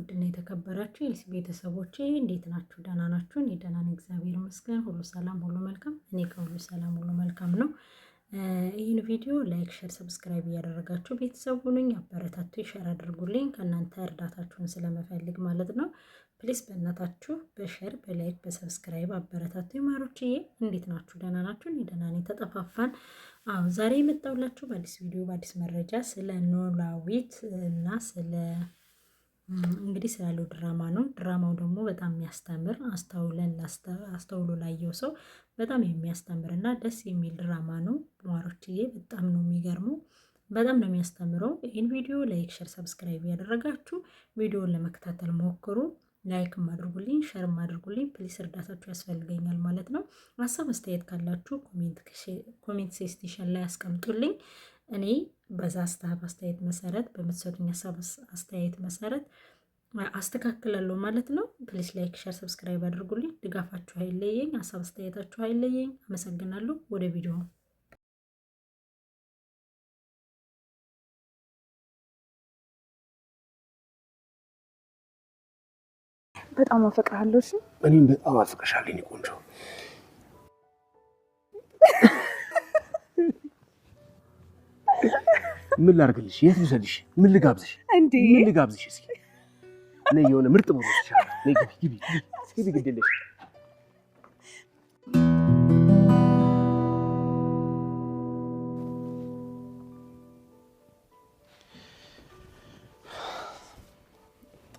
ውድና የተከበራችሁ የልስ ቤተሰቦች እንዴት ናችሁ? ደህና ናችሁ? እኔ ደህና ነኝ፣ እግዚአብሔር ይመስገን። ሁሉ ሰላም፣ ሁሉ መልካም። እኔ ከሁሉ ሰላም፣ ሁሉ መልካም ነው። ይህን ቪዲዮ ላይክ፣ ሸር፣ ሰብስክራይብ እያደረጋችሁ ቤተሰቡ ነኝ አበረታቱ፣ ሸር አድርጉልኝ። ከእናንተ እርዳታችሁን ስለመፈልግ ማለት ነው። ፕሊስ በእናታችሁ በሸር በላይክ በሰብስክራይብ አበረታቱ። ማሮችዬ እንዴት ናችሁ? ደህና ናችሁ? እኔ ደህና ነኝ። ተጠፋፋን። አዎ ዛሬ የመጣሁላችሁ በአዲስ ቪዲዮ በአዲስ መረጃ ስለ ኖላዊት እና ስለ እንግዲህ ስላለው ድራማ ነው። ድራማው ደግሞ በጣም የሚያስተምር አስተውለን አስተውሎ ላየው ሰው በጣም የሚያስተምር እና ደስ የሚል ድራማ ነው። ማሮችዬ በጣም ነው የሚገርመው፣ በጣም ነው የሚያስተምረው። ይህን ቪዲዮ ላይክ፣ ሸር፣ ሰብስክራይብ ያደረጋችሁ ቪዲዮውን ለመከታተል ሞክሩ። ላይክም አድርጉልኝ፣ ሸርም አድርጉልኝ። ፕሊስ እርዳታችሁ ያስፈልገኛል ማለት ነው። ሀሳብ አስተያየት ካላችሁ ኮሜንት ሴስቴሽን ላይ አስቀምጡልኝ። እኔ በዛ ሀሳብ አስተያየት መሰረት በምትሰጡኝ ሀሳብ አስተያየት መሰረት አስተካክላለሁ ማለት ነው። ፕሊስ ላይክ፣ ሸር፣ ሰብስክራይብ አድርጉልኝ። ድጋፋችሁ አይለየኝ፣ ሀሳብ አስተያየታችሁ አይለየኝ። አመሰግናለሁ። ወደ ቪዲዮ በጣም አፈቅርሃለሁ። እኔም በጣም አፈቅርሻለሁ ቆንጆ ምን ላድርግልሽ? የት ልውሰድሽ? ምን ልጋብዝሽ? እንዴ ምን ልጋብዝሽ? እስኪ ነይ፣ የሆነ ምርጥ ቦታ ይሻላል። ነይ፣ ግቢ ግቢ፣ ግድ የለሽ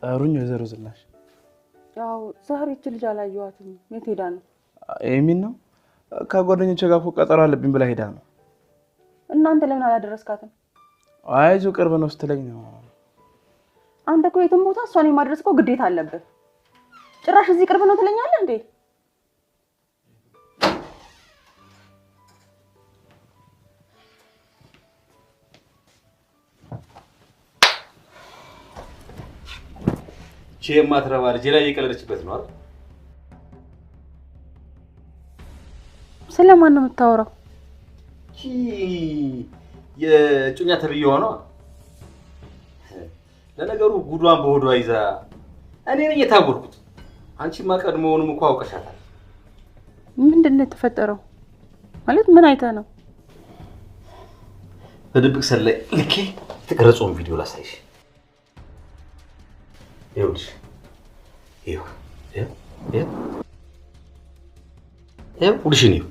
ጠሩኝ ወይዘሮ ዝናሽ። ያው ዛሬ እች ልጅ አላየኋትም። የት ሄዳ ነው? ኤሚን ነው ከጓደኞቼ ጋር እኮ ቀጠሮ አለብኝ ብላ ሄዳ ነው እናንተ ለምን አላደረስካትም? አይዞ ቅርብ ነው ስትለኝ ነው። አንተ እኮ የትም ቦታ እሷን የማድረስ እኮ ግዴታ አለብህ። ጭራሽ እዚህ ቅርብ ነው ትለኛለህ እንዴ? ቼ የማትረባ ልጄ ላይ እየቀለደችበት ነው አይደል? ስለማን ነው የምታወራው? የእጩኛ ተብዬዋ ነው። ለነገሩ ጉዷን በሆዷ ይዛ እኔ ነኝ የታወርኩት። አንቺማ ቀድሞውንም እኮ አውቀሻታል። ምንድን ነው የተፈጠረው? ማለት ምን አይተህ ነው? በድብቅ ሰላይ ልኬ የተቀረጸውን ቪዲዮ ላሳይሽ። ይኸውልሽ፣ ይኸው፣ ይኸው፣ ይኸው፣ ሁልሽን ይኸው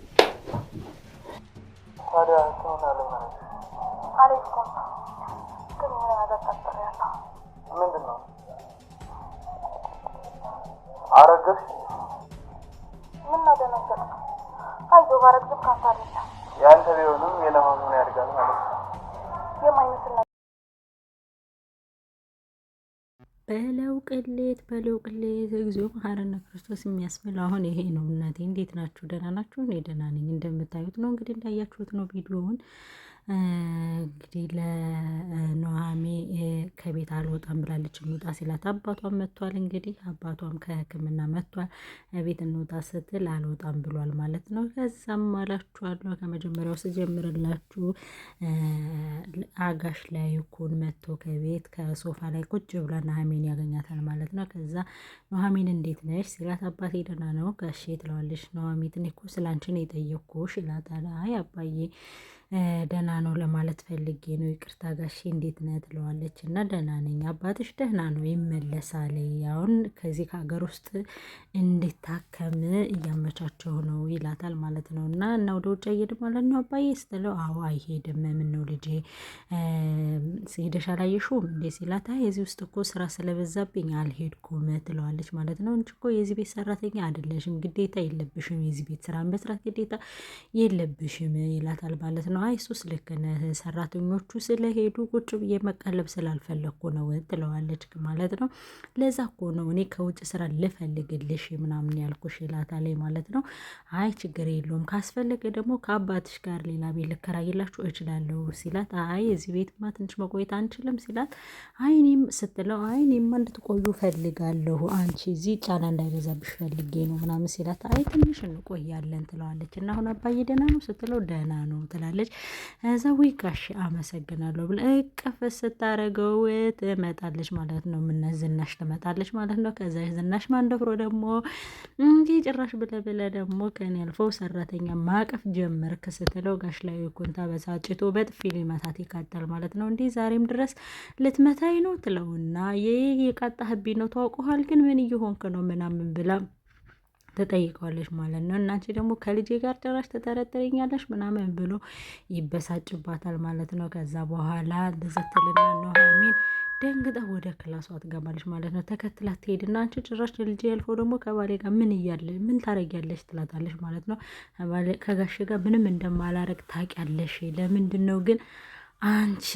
ደነገጥሽ? ምን አደነገጥኩ? አይዞህ ባረግዝም ካንተ አይደለም። የአንተ ቢሆንም የለማመኑ ያድጋል ማለት ነው። የማይመስል ነገር በለው ቅሌት በለው ቅሌት እግዚኦ መሐረነ ክርስቶስ የሚያስብለው አሁን ይሄ ነው። እናቴ እንዴት ናችሁ? ደህና ናችሁ? እኔ ደህና ነኝ። እንደምታዩት ነው እንግዲህ እንዳያችሁት ነው ቪዲዮውን እንግዲህ ለኑሃሜ ከቤት አልወጣም ብላለች። እንውጣ ሲላት አባቷም መጥቷል። እንግዲህ አባቷም ከሕክምና መጥቷል። ቤት እንውጣ ስትል አልወጣም ብሏል ማለት ነው። ከዛም አላችኋለሁ ከመጀመሪያው ስጀምርላችሁ አጋሽ ላይ እኮን መጥቶ ከቤት ከሶፋ ላይ ቁጭ ብላ ኑሃሜን ያገኛታል ማለት ነው። ከዛ ኑሃሜን እንዴት ነሽ ሲላት አባቴ ደህና ነው ጋሼ ትለዋለች። ኑሃሜ እኔ እኮ ስላንቺ ነው ይላታል። አይ አባዬ ደህና ነው ለማለት ፈልጌ ነው። ይቅርታ ጋሼ እንዴት ነህ ትለዋለች እና ደህና ነኝ አባትሽ ደህና ነው ይመለሳል። አሁን ከዚህ ከሀገር ውስጥ እንድታከም እያመቻቸው ነው ይላታል ማለት ነው። እና እና ወደ ውጭ አይሄድም ማለት ነው አባዬ ስትለው፣ አዎ አይሄድም። ምን ነው ልጄ ሄደሽ አላየሽውም እንዴ ሲላታ፣ የዚህ ውስጥ እኮ ስራ ስለበዛብኝ አልሄድኩም ትለዋለች ማለት ነው። እንጂ እኮ የዚህ ቤት ሰራተኛ አይደለሽም፣ ግዴታ የለብሽም፣ የዚህ ቤት ስራ መስራት ግዴታ የለብሽም ይላታል ማለት ነው። አይ እሱስ ልክ ነህ፣ ሰራተኞቹ ስለሄዱ ቁጭ ብዬ መቀለብ ስላልፈለግኩ ነው ትለዋለች ማለት ነው። ለዛ እኮ ነው እኔ ከውጭ ስራ ልፈልግልሽ ምናምን ያልኩሽ ይላታል ማለት ነው። አይ ችግር የለውም ካስፈለገ ደግሞ ከአባትሽ ጋር ሌላ ቤት ልከራይላችሁ እችላለሁ ሲላት፣ አይ እዚህ ቤትማ ትንሽ መቆየት አንችልም ሲላት፣ አይኔም ስትለው፣ አይኔም እንድትቆዩ ፈልጋለሁ አንቺ እዚህ ጫና እንዳይበዛብሽ ፈልጌ ነው ምናምን ሲላት፣ አይ ትንሽ እንቆያለን ትለዋለች እና አሁን አባዬ ደህና ነው ስትለው፣ ደህና ነው ትላለች። ዘዊ ጋሽ አመሰግናለሁ ብለ እቅፍ ስታረገው ትመጣለች ማለት ነው። ምነ ዝናሽ ትመጣለች ማለት ነው። ከዛ ዝናሽ ማንደፍሮ ደግሞ እንዲ ጭራሽ ብለ ብለ ደግሞ ከኔ አልፈው ሰራተኛ ማቀፍ ጀመርክ ስትለው ጋሽ ላይ ኩንታ በሳጭቶ በጥፊ ሊመታት ይቃጣል ማለት ነው። እንዲህ ዛሬም ድረስ ልትመታኝ ነው ትለውና ይህ የቃጣ ህቢ ነው ታውቀዋል፣ ግን ምን እየሆንክ ነው ምናምን ብላ ትጠይቀዋለች ማለት ነው። እናንቺ ደግሞ ከልጄ ጋር ጭራሽ ትጠረጥረኛለሽ ምናምን ብሎ ይበሳጭባታል ማለት ነው። ከዛ በኋላ ትልና ኑሃሚን ደንግጣ ወደ ክላሷ ትገባለች ማለት ነው። ተከትላ ትሄድና አንቺ ጭራሽ ልጄ ያልፈው ደግሞ ከባሌ ጋር ምን እያለ ምን ታረጊያለሽ? ትላታለች ማለት ነው። ከጋሽ ጋር ምንም እንደማላረግ ታውቂያለሽ። ለምንድን ነው ግን አንቺ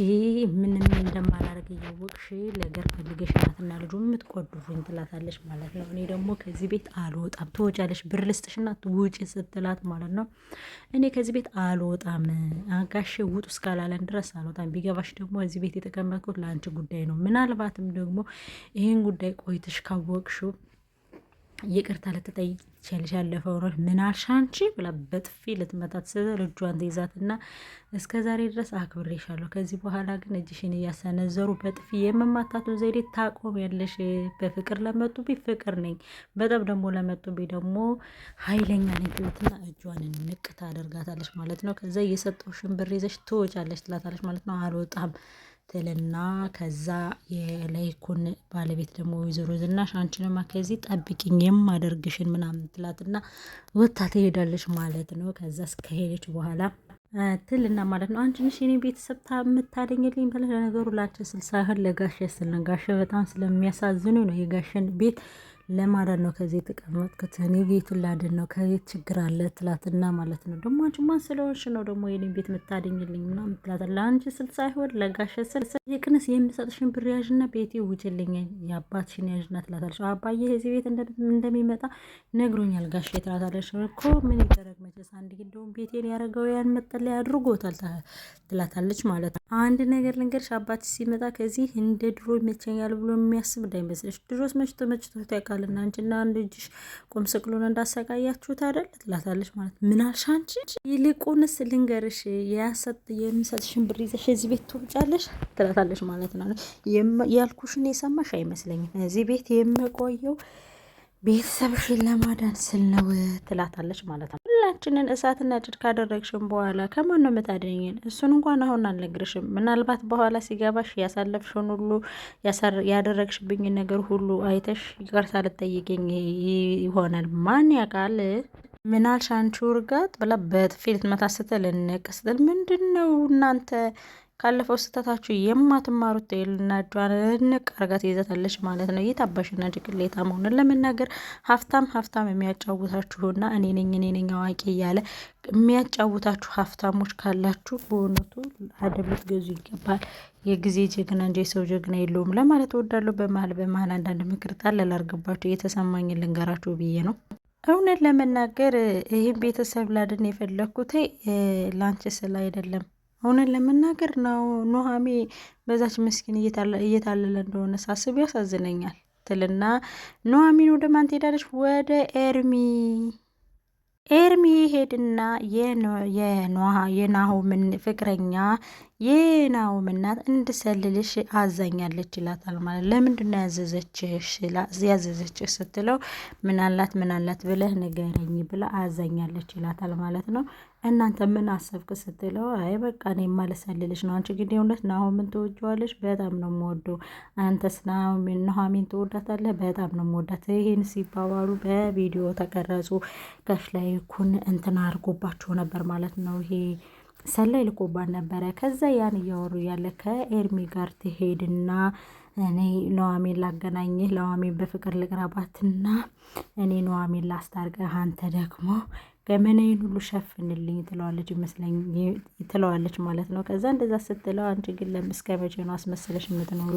ምንም እንደማላደርግ እያወቅሽ ለገር ፈልገሽ እናትና ልጁ የምትቆዱኝ ትላታለች ማለት ነው። እኔ ደግሞ ከዚህ ቤት አልወጣም ትወጫለሽ፣ ብር ልስጥሽና ውጪ ስትላት ማለት ነው። እኔ ከዚህ ቤት አልወጣም አጋሽ ውጡ እስካላለን ድረስ አልወጣም። ቢገባሽ ደግሞ እዚህ ቤት የተቀመጥኩት ለአንቺ ጉዳይ ነው። ምናልባትም ደግሞ ይህን ጉዳይ ቆይተሽ ካወቅሽው ይቅርታ ልትጠይቅ ትችያለሽ፣ ያለፈው ነው ምን አልሽ አንቺ ብላ በጥፊ ልትመታት ስትል እጇን ትይዛትና እስከ ዛሬ ድረስ አክብሬሻለሁ፣ ከዚህ በኋላ ግን እጅሽን እያሰነዘሩ በጥፊ የመማታቱን ዘዴ ታቆም ያለሽ። በፍቅር ለመጡብኝ ፍቅር ነኝ፣ በጠብ ደግሞ ለመጡብኝ ደግሞ ኃይለኛ ነኝ ትላትና እጇን ንቅ ታደርጋታለች ማለት ነው። ከዛ የሰጠው ሽንብር ይዘሽ ትወጫለሽ ትላታለች ማለት ነው። አልወጣም ትልና ከዛ የላይኩን ባለቤት ደግሞ ወይዘሮ ዝናሽ አንቺንማ ከዚህ ጠብቂኝ የማደርግሽን ምናምን ትላትና ወታ ትሄዳለች ማለት ነው። ከዛ እስከሄደች በኋላ ትልና ማለት ነው አንቺ ነሽ የኔ ቤተሰብ የምታደኝልኝ ብለህ ለነገሩ ለአንቺ ስል ሳይሆን ለጋሸ ስል ነው። ጋሼ በጣም ስለሚያሳዝኑ ነው የጋሸን ቤት ለማዳን ነው ከዚህ የተቀመጥኩት። እኔ ቤቱን ላድን ነው ከቤት ችግር አለ ትላትና ማለት ነው። ደግሞ አንቺማ ስለሆንሽ ነው ደግሞ የኔን ቤት የምታድኝልኝ ምናምን ትላት። ለአንቺ ስል ሳይሆን ለጋሸ ስል ቅንስ የሚሰጥሽን ብር ያዥና ቤቴ ውጭልኝ የአባትሽን ያዥና ትላታለች። አባዬ እዚህ ቤት እንደሚመጣ ነግሮኛል ጋሼ ትላታለች። እኮ ምን ይደረግ መቼስ አንድ እንደውም ቤቴን ያደረገው ያን መጠለያ አድርጎታል ትላታለች ማለት ነው። አንድ ነገር ልንገርሽ፣ አባትሽ ሲመጣ ከዚህ እንደ ድሮ ይመቸኛል ብሎ የሚያስብ እንዳይመስልሽ። ድሮስ መችቶ መችቶ ያውቃል ይበቃልና እንጂና አንድ እጅሽ ቁም ስቅሉን እንዳሰቃያችሁት አይደል ትላታለች ማለት ምን አልሽ አንቺ? ይልቁንስ ልንገርሽ የሰጥ የሚሰጥሽን ብር ይዘሽ እዚህ ቤት ትውጫለሽ ትላታለች ማለት ነው። ያልኩሽን የሰማሽ አይመስለኝም እዚህ ቤት የምቆየው ቤተሰብሽን ለማዳን ስል ነው ትላታለች ማለት ነው። ሁላችንን እሳትና ጭድ ካደረግሽም በኋላ ከማን ነው የምታደኝን? እሱን እንኳን አሁን አልነግርሽም። ምናልባት በኋላ ሲገባሽ ያሳለፍሽን ሁሉ ያደረግሽብኝ ነገር ሁሉ አይተሽ ይቅርታ ልጠይቅኝ ይሆናል። ማን ያውቃል? ምናልሽ አንቺ ውርጋት ብላ በጥፊ ልትመታ ስትል እንቅ ስትል ምንድን ነው እናንተ ካለፈው ስህተታችሁ የማትማሩት ቴልና እጇን ንቅ አርጋ ትይዛታለች ማለት ነው። የታባሽና ጅቅሌታ መሆኑን ለመናገር ሀብታም ሀብታም የሚያጫውታችሁና እኔ ነኝ እኔ ነኝ አዋቂ እያለ የሚያጫውታችሁ ሀብታሞች ካላችሁ በእውነቱ አደብ ገዙ ይገባል። የጊዜ ጀግና እንጂ የሰው ጀግና የለውም ለማለት እወዳለሁ። በመሀል በመሀል አንዳንድ ምክር ጣል ላርግባችሁ እየተሰማኝ ልንገራችሁ ብዬ ነው። እውነት ለመናገር ይህን ቤተሰብ ላድን የፈለግኩት ላንቺ ስለ አይደለም እውነት ለመናገር ነው ኑሃሜ በዛች ምስኪን እየታለለ እንደሆነ ሳስብ ያሳዝነኛል ትልና ኑሃሚን ወደ ማን ትሄዳለች? ወደ ኤርሚ ኤርሚ ሄድና የናሆምን ፍቅረኛ የናሆም እናት እንድሰልልሽ አዛኛለች ይላታል። ማለት ለምንድን ነው ያዘዘችህ ስትለው ምናላት ምናላት ብለህ ንገረኝ ብለ አዛኛለች ይላታል ማለት ነው። እናንተ ምን አሰብክ ስትለው አይ በቃ እኔ ማለሰልልሽ ነው። አንቺ ግን የእውነት ናሆምን ትወጂዋለሽ? በጣም ነው የምወደው። አንተስ ኑሃሚን ትወዳታለህ? በጣም ነው የምወዳት። ይህን ሲባባሉ በቪዲዮ ተቀረጹ። ከፍ ላይ ኩን እንትን አድርጎባቸው ነበር ማለት ነው ይሄ ሰላይ ልኮባት ነበረ። ከዛ ያን እያወሩ ያለ ከኤርሚ ጋር ትሄድና እኔ ነዋሜን ላገናኝህ፣ ለዋሜን በፍቅር ልቅረባትና እኔ ነዋሜን ላስታርቅህ፣ አንተ ደግሞ ገመናዬን ሁሉ ሸፍንልኝ ትለዋለች ይመስለኝ ትለዋለች ማለት ነው። ከዛ እንደዛ ስትለው አንቺ ግን እስከ መቼ ነው አስመሰለሽ የምትኖሩ?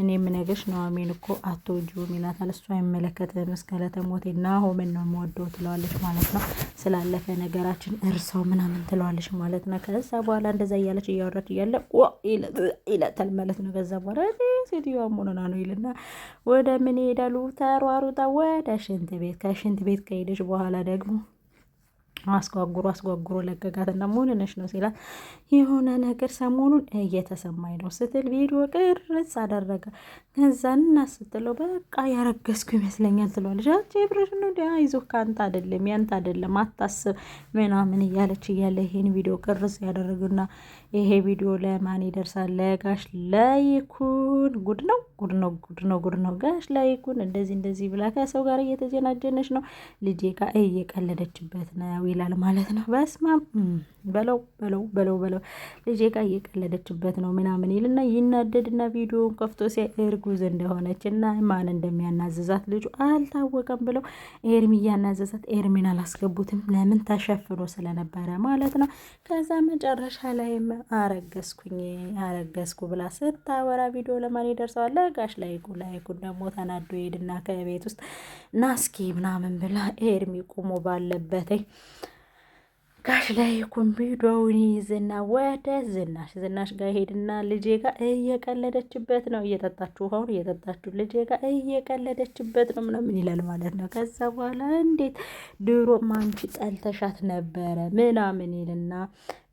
እኔ የምነግርሽ ኑሐሚን እኮ አትወጂውም ይላታል። እሱ አይመለከትም እስከ ለተሞቴ ናሆምን ነው የምወደው ትለዋለች ማለት ነው። ስላለፈ ነገራችን እርሰው ምናምን ትለዋለች ማለት ነው። ከዛ በኋላ እንደዛ እያለች እያወራች እያለ ይለታል ማለት ነው። ከዛ በኋላ ሴትዮዋ ሆነና ነው ይልና ወደ ምን ይሄዳሉ? ተሯሩጣ ወደ ሽንት ቤት ከሽንት ቤት ከሄደች በኋላ ደግሞ አስጓጉሮ አስጓጉሮ ለቀቃትና ምን ሆነሽ ነው ሲላት የሆነ ነገር ሰሞኑን እየተሰማኝ ነው ስትል ቪዲዮ ቅርጽ አደረገ። ከዛና ስትለው በቃ ያረገዝኩ ይመስለኛል ትለዋለች። አንቺ ብረሽ ነው እንዲ ከአንተ አደለም ያንተ አደለም አታስብ ምናምን እያለች እያለ ይሄን ቪዲዮ ቅርጽ ያደረግና ይሄ ቪዲዮ ለማን ይደርሳል? ለጋሽ ላይኩን። ጉድ ነው ጉድ ነው ጉድ ነው ጉድ ነው። ጋሽ ላይኩን እንደዚህ እንደዚህ ብላ ከሰው ጋር እየተጀናጀነች ነው፣ ልጄ ጋር እየቀለደችበት ነው ይላል ማለት ነው። በስማም በለው በለው በለው በለው፣ ልጄ ጋር እየቀለደችበት ነው ምናምን ይልና ይናደድና ቪዲዮውን ከፍቶ ሲያይ እርጉዝ እንደሆነች እና ማን እንደሚያናዝዛት ልጁ አልታወቀም ብለው ኤርሚ እያናዘዛት ኤርሚን አላስገቡትም። ለምን ተሸፍኖ ስለነበረ ማለት ነው። ከዛ መጨረሻ ላይ? አረገዝኩኝ አረገዝኩ ብላ ስታወራ ቪዲዮ ለማን ይደርሰዋል? ለጋሽ ላይኩ። ላይኩን ደግሞ ተናዶ ሄድና ከቤት ውስጥ ናስኪ ምናምን ብላ ኤርሚ ቁሞ ባለበትኝ ጋሽ ላይኩን ቪዲዮውን ይዝና ወደ ዝናሽ ዝናሽ ጋር ሄድና ልጄ ጋ እየቀለደችበት ነው እየጠጣችሁ ውሃውን እየጠጣችሁ ልጄ ጋ እየቀለደችበት ነው ምናምን ይላል ማለት ነው። ከዛ በኋላ እንዴት ድሮ ማንቺ ጠልተሻት ነበረ ምናምን ይልና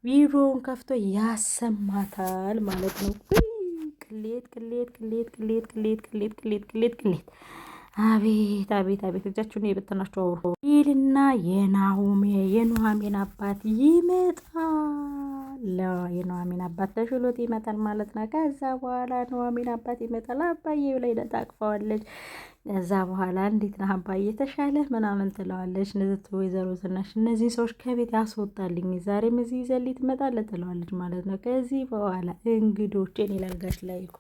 ቪዲዮውን ከፍቶ ያሰማታል ማለት ነው። ቅሌት ቅሌት ቅሌት ቅሌት ቅሌት ቅሌት ቅሌት ቅሌት ቅሌት አቤት አቤት አቤት እጃችሁን የበተናቸው አውሮ ይልና የናሆሜ የኑሃሜን አባት ይመጣል። የኑሃሜን አባት ተሽሎት ይመጣል ማለት ነው። ከዛ በኋላ ኑሃሜን አባት ይመጣል። አባዬ ብላይ ታቅፈዋለች። እዛ በኋላ እንዴት ነህ አባዬ የተሻለ ምናምን ትለዋለች። ንዝት ወይዘሮ ዝናሽ እነዚህ ሰዎች ከቤት ያስወጣልኝ ዛሬም እዚህ ይዘልኝ ትመጣለህ ትለዋለች ማለት ነው። ከዚህ በኋላ እንግዶቼን ይላል ላይ እኮ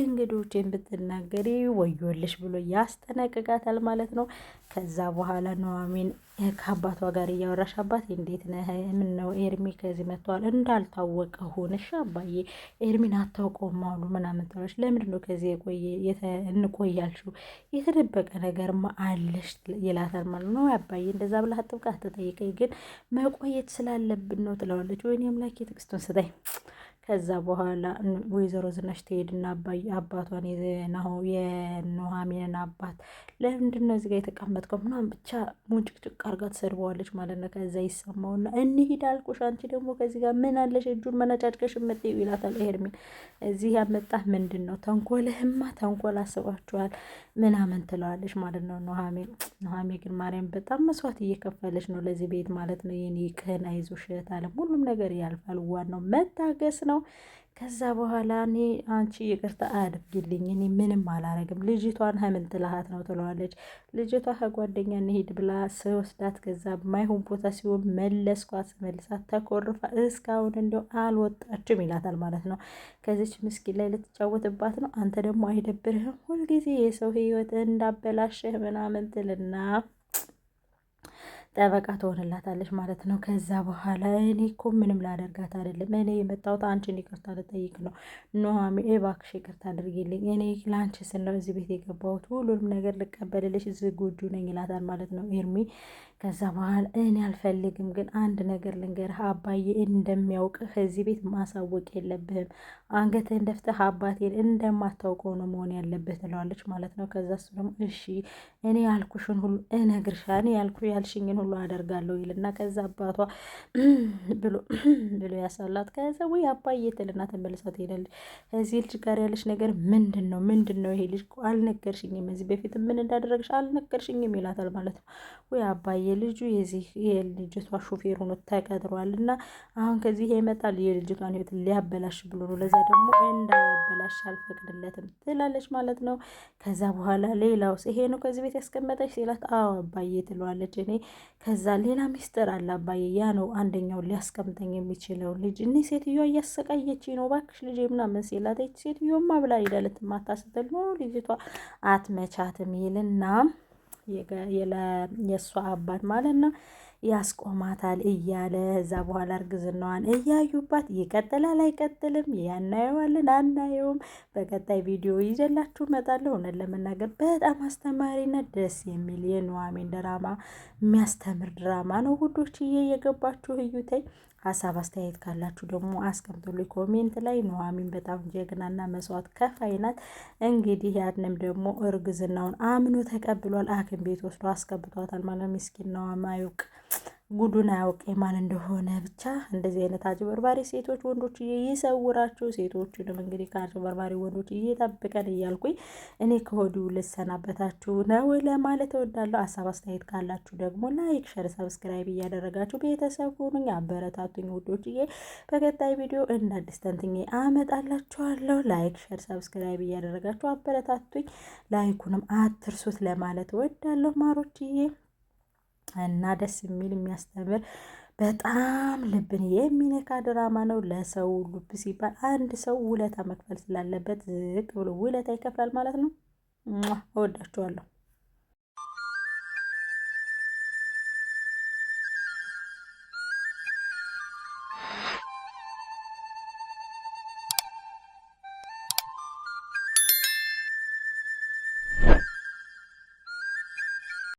እንግዶቼን ብትናገሪ ወዮልሽ ብሎ ያስጠነቅቃታል ማለት ነው። ከዛ በኋላ ኑሐሚን ከአባቷ ጋር እያወራሽ አባቴ እንዴት ነህ? ምነው ኤርሚ ከዚህ መጥተዋል እንዳልታወቀ ሆነሽ አባዬ ኤርሚን አታውቀውም አሉ ምናምን ትለዋለች። ለምንድን ነው ከዚህ የቆየ እንቆያልሽው የተደበቀ ነገር አለሽ ይላታል ማለት ነው። አባዬ እንደዛ ብለህ አጥብቃ ተጠይቀኝ ግን መቆየት ስላለብን ነው ትለዋለች። ወይኔ አምላኬ ትዕግስቱን ስጠኝ። ከዛ በኋላ ወይዘሮ ዝናሽ ትሄድና አባቷን የኑሃሚንን አባት ለምንድን ነው እዚጋ የተቀመጥከው ምናምን ብቻ ሙንጭቅጭቅ አርጋ ትሰድበዋለች ማለት ነው። ከዛ ይሰማውና እንሂድ አልኩሽ አንቺ ደግሞ ከዚህ ጋር ምን አለሽ እጁን መነጫጭቀሽ እምትይው ይላታል ሄርሜን። እዚህ ያመጣ ምንድን ነው ተንኮልህማ ተንኮል አስባችኋል ምናምን ትለዋለች ማለት ነው ኑሃሚን። ኑሃሚን ግን ማርያም በጣም መስዋዕት እየከፈለች ነው ለዚህ ቤት ማለት ነው። የኔ ቅህን አይዞሽ እህት አለም ሁሉም ነገር ያልፋል። ዋናው መታገስ ነው። ነው። ከዛ በኋላ እኔ አንቺ ይቅርታ አድርጊልኝ፣ እኔ ምንም አላረግም፣ ልጅቷን ሀምን ትልሃት ነው ትለዋለች። ልጅቷ ከጓደኛ እንሄድ ብላ ስወስዳት ከዛ ማይሆን ቦታ ሲሆን መለስኳት። መልሳት ተኮርፋ እስካሁን እንዲያው አልወጣችም ይላታል ማለት ነው። ከዚች ምስኪን ላይ ልትጫወትባት ነው። አንተ ደግሞ አይደብርህም? ሁልጊዜ የሰው ህይወት እንዳበላሸህ ምናምን ትልና ጠበቃ ትሆንላታለች ማለት ነው። ከዛ በኋላ እኔ እኮ ምንም ላደርጋት አይደለም፣ እኔ የመጣሁት አንቺን ይቅርታ ልጠይቅ ነው። ኖሚ እባክሽ ይቅርታ አድርጊልኝ፣ እኔ ለአንቺ ስል ነው እዚህ ቤት የገባሁት፣ ሁሉንም ነገር ልቀበልልሽ ዝግጁ ነኝ ይላታል ማለት ነው ኤርሚ። ከዛ በኋላ እኔ አልፈልግም፣ ግን አንድ ነገር ልንገርህ፣ አባዬ እንደሚያውቅህ እዚህ ቤት ማሳወቅ የለብህም። አንገትህን ደፍተህ አባቴን እንደማታውቀው ነው መሆን ያለብህ ትለዋለች ማለት ነው። ከዛ እሱ ደግሞ እሺ እኔ ያልኩሽን ሁሉ እነግርሻ እኔ ያልኩ ያልሽኝን ሁሉ አደርጋለሁ ይልና ከዛ አባቷ ብሎ ብሎ ያሳላት። ከዛ ወይ አባዬ ትልና ተመልሳ ትሄዳለች። ከዚህ ልጅ ጋር ያለች ነገር ምንድን ነው? ምንድን ነው? ይሄ ልጅ አልነገርሽኝም፣ እዚህ በፊት ምን እንዳደረግሽ አልነገርሽኝም ይላታል ማለት ነው። ወይ አባዬ ልጁ የዚህ የልጅቷ ሹፌር ሆኖ ተቀጥሯል እና አሁን ከዚህ ይመጣል የልጅቷን ህይወት ሊያበላሽ ብሎ ነው። ለዛ ደግሞ እንዳያበላሽ አልፈቅድለትም ትላለች ማለት ነው። ከዛ በኋላ ሌላውስ ይሄ ነው ከዚህ ቤት ያስቀመጠች ሲላት፣ አዎ አባዬ ትለዋለች እኔ ከዛ ሌላ ሚስጥር አለ አባዬ፣ ያ ነው አንደኛው ሊያስቀምጠኝ የሚችለው ልጅ። እኔ ሴትዮ እያሰቃየች ነው እባክሽ ልጅ ምናምን ሲላት ሴትዮማ ብላ ሄዳለት ማታ ስትል ነው ልጅቷ አትመቻትም ይልና የእሷ አባት ማለት ነው ያስቆማታል እያለ እዛ በኋላ እርግዝናዋን እያዩባት ይቀጥላል አይቀጥልም፣ ያናየዋልን አናየውም። በቀጣይ ቪዲዮ ይዘላችሁ እመጣለሁ። እውነት ለመናገር በጣም አስተማሪና ደስ የሚል የኑሐሚን ድራማ የሚያስተምር ድራማ ነው። ውዶችዬ የገባችሁ እዩተኝ። ሀሳብ አስተያየት ካላችሁ ደግሞ አስቀምጡልኝ ኮሜንት ላይ። ኑሃሚን በጣም ጀግናና መስዋዕት ከፋይ ናት። እንግዲህ ያንም ደግሞ እርግዝናውን አምኖ ተቀብሏል። ሐኪም ቤት ወስዶ አስቀብቷታል ማለት ምስኪን ነው ማዩቅ ጉዱን አያውቅ የማን እንደሆነ ብቻ። እንደዚህ አይነት አጭበርባሪ ሴቶች ወንዶች ይሰውራችሁ። ሴቶችንም እንግዲህ ከአጭበርባሪ ወንዶች እየጠብቀን እያልኩኝ እኔ ከወዲሁ ልሰናበታችሁ ነው ለማለት እወዳለሁ። ሀሳብ አስተያየት ካላችሁ ደግሞ ላይክ፣ ሸር፣ ሰብስክራይብ እያደረጋችሁ ቤተሰብ ሁኑኝ፣ አበረታቱኝ ውዶችዬ። በቀጣይ ቪዲዮ እንደ አዲስ ተንትኜ አመጣላችኋለሁ። ላይክ፣ ሸር፣ ሰብስክራይብ እያደረጋችሁ አበረታቱኝ። ላይኩንም አትርሱት ለማለት እወዳለሁ ማሮችዬ። እና ደስ የሚል የሚያስተምር በጣም ልብን የሚነካ ድራማ ነው። ለሰው ልብ ሲባል አንድ ሰው ውለታ መክፈል ስላለበት ዝቅ ብሎ ውለታ ይከፍላል ማለት ነው። እወዳችኋለሁ።